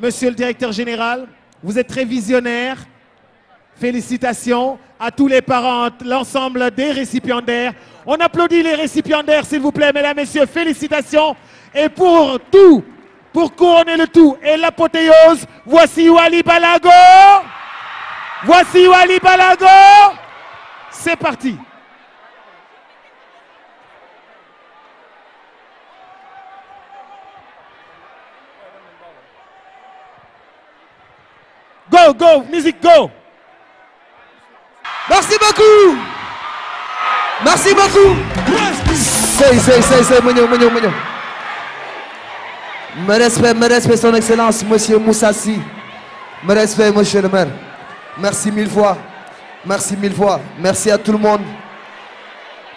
Monsieur le directeur général, vous êtes très visionnaire. Félicitations à tous les parents, l'ensemble des récipiendaires. On applaudit les récipiendaires, s'il vous plaît, mesdames, messieurs. Félicitations. Et pour tout, pour couronner le tout et l'apothéose, voici Wali Balago. Voici Wali Balago. C'est parti. go, go, musique, go. Merci beaucoup. Merci beaucoup. Say, say, say, say, Merci mignon, merci Me respect, me respect, son excellence, monsieur Moussassi. Me respect, monsieur le maire. Merci mille fois. Merci mille fois. Merci à tout le monde.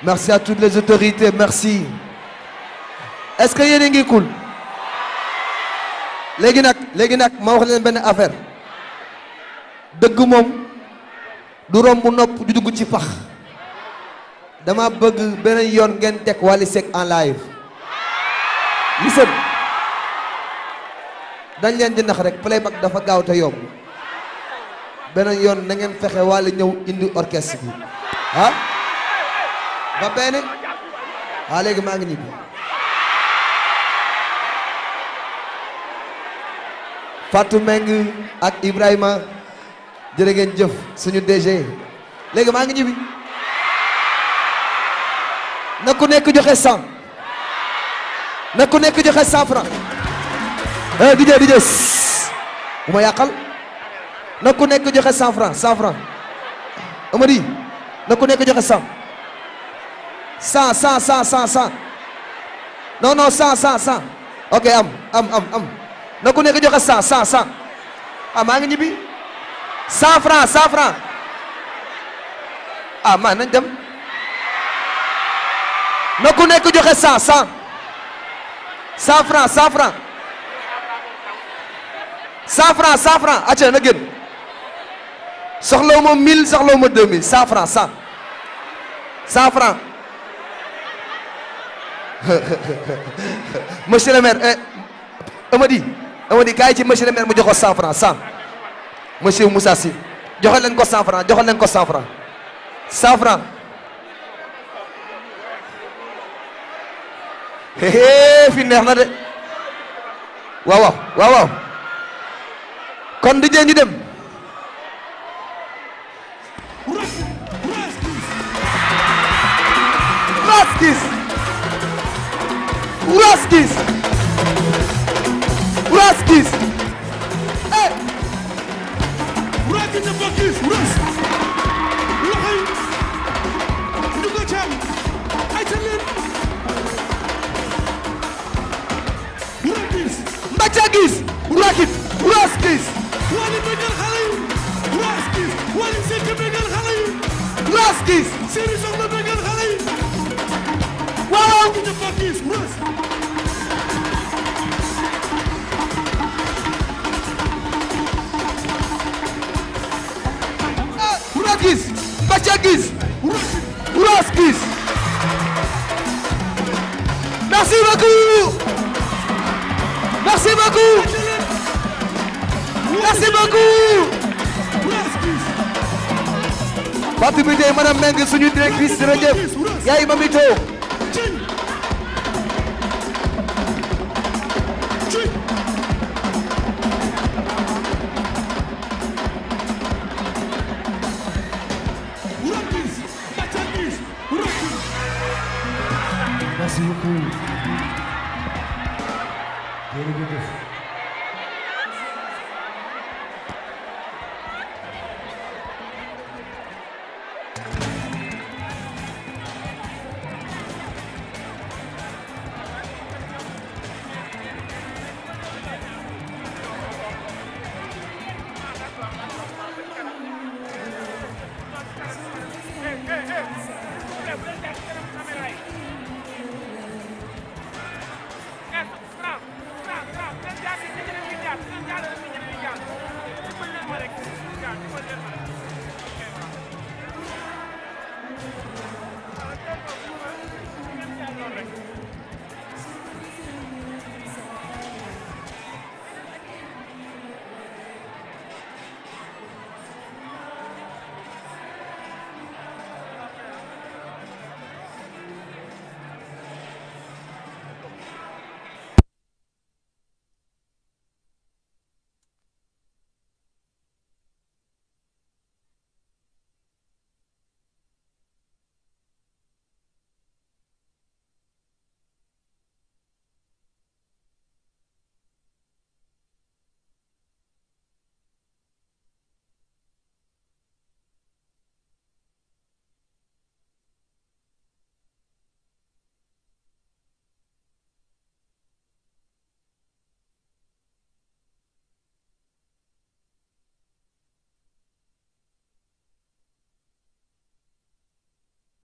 Merci à toutes les autorités. Merci. Est-ce que y a beaucoup! cool beaucoup! Merci beaucoup! Merci ma wax leen Merci affaire deug mom du rombu nopp du dugg ci pax dama bëgg benen yoon ngeen tek wali sek en live listen dañ leen di nax rek playback dafa gaaw ta yomb benen yoon na ngeen fexé wali ñew indi orchestre bi ah ba beneen ha ah, léegi ma ngi ni Fatou Meng ak Ibrahima jere ngeen jëf suñu DG légui ma nga ñibi na ku nekk joxe 100 na ku nekk joxe 100 francs eh DJ DJ uma yaqal na ku nekk joxe francs 100 francs uma di na ku nekk joxe 100 100 100 100 100 cent non non 100 100 cent ok am am am am na ku nekk joxe 100 100 100 ah ma nga ñibi cent francs cent francs ah man nañ dem na ku nekk joxe cent cent cent francs cent francs cent francs cent francs acca na génn soxlawu ma mille soxlawu ma deux mille cent francs cent cent francs monsieur le maire eh Amady Amady kaay ci monsieur le maire mu jox ko cent francs cent monsieur Moussa Sy joxal leen ko 100 francs joxal leen ko 100 francs 100 francs hee fi neex na de waaw waaw waaw waaw kon di jee dem Raskis raskis raskis raskis dagg na ba gis rës loxo yi du nga caam ay ca leen wuraa gis mbacca gis wuraa gis wuraa gis wali bëggal xale yi wuraa gis wali sekk bëggal xale yi wuraa gis séeri soxna bëggal xale yi waaw du nga ba gis rës gis roos gis merci beaucoup merci beaucoup merci beaucoup Fatou bi tey madame Meng suñu directrice jërëjëf yaay Mami Thiaw Thank you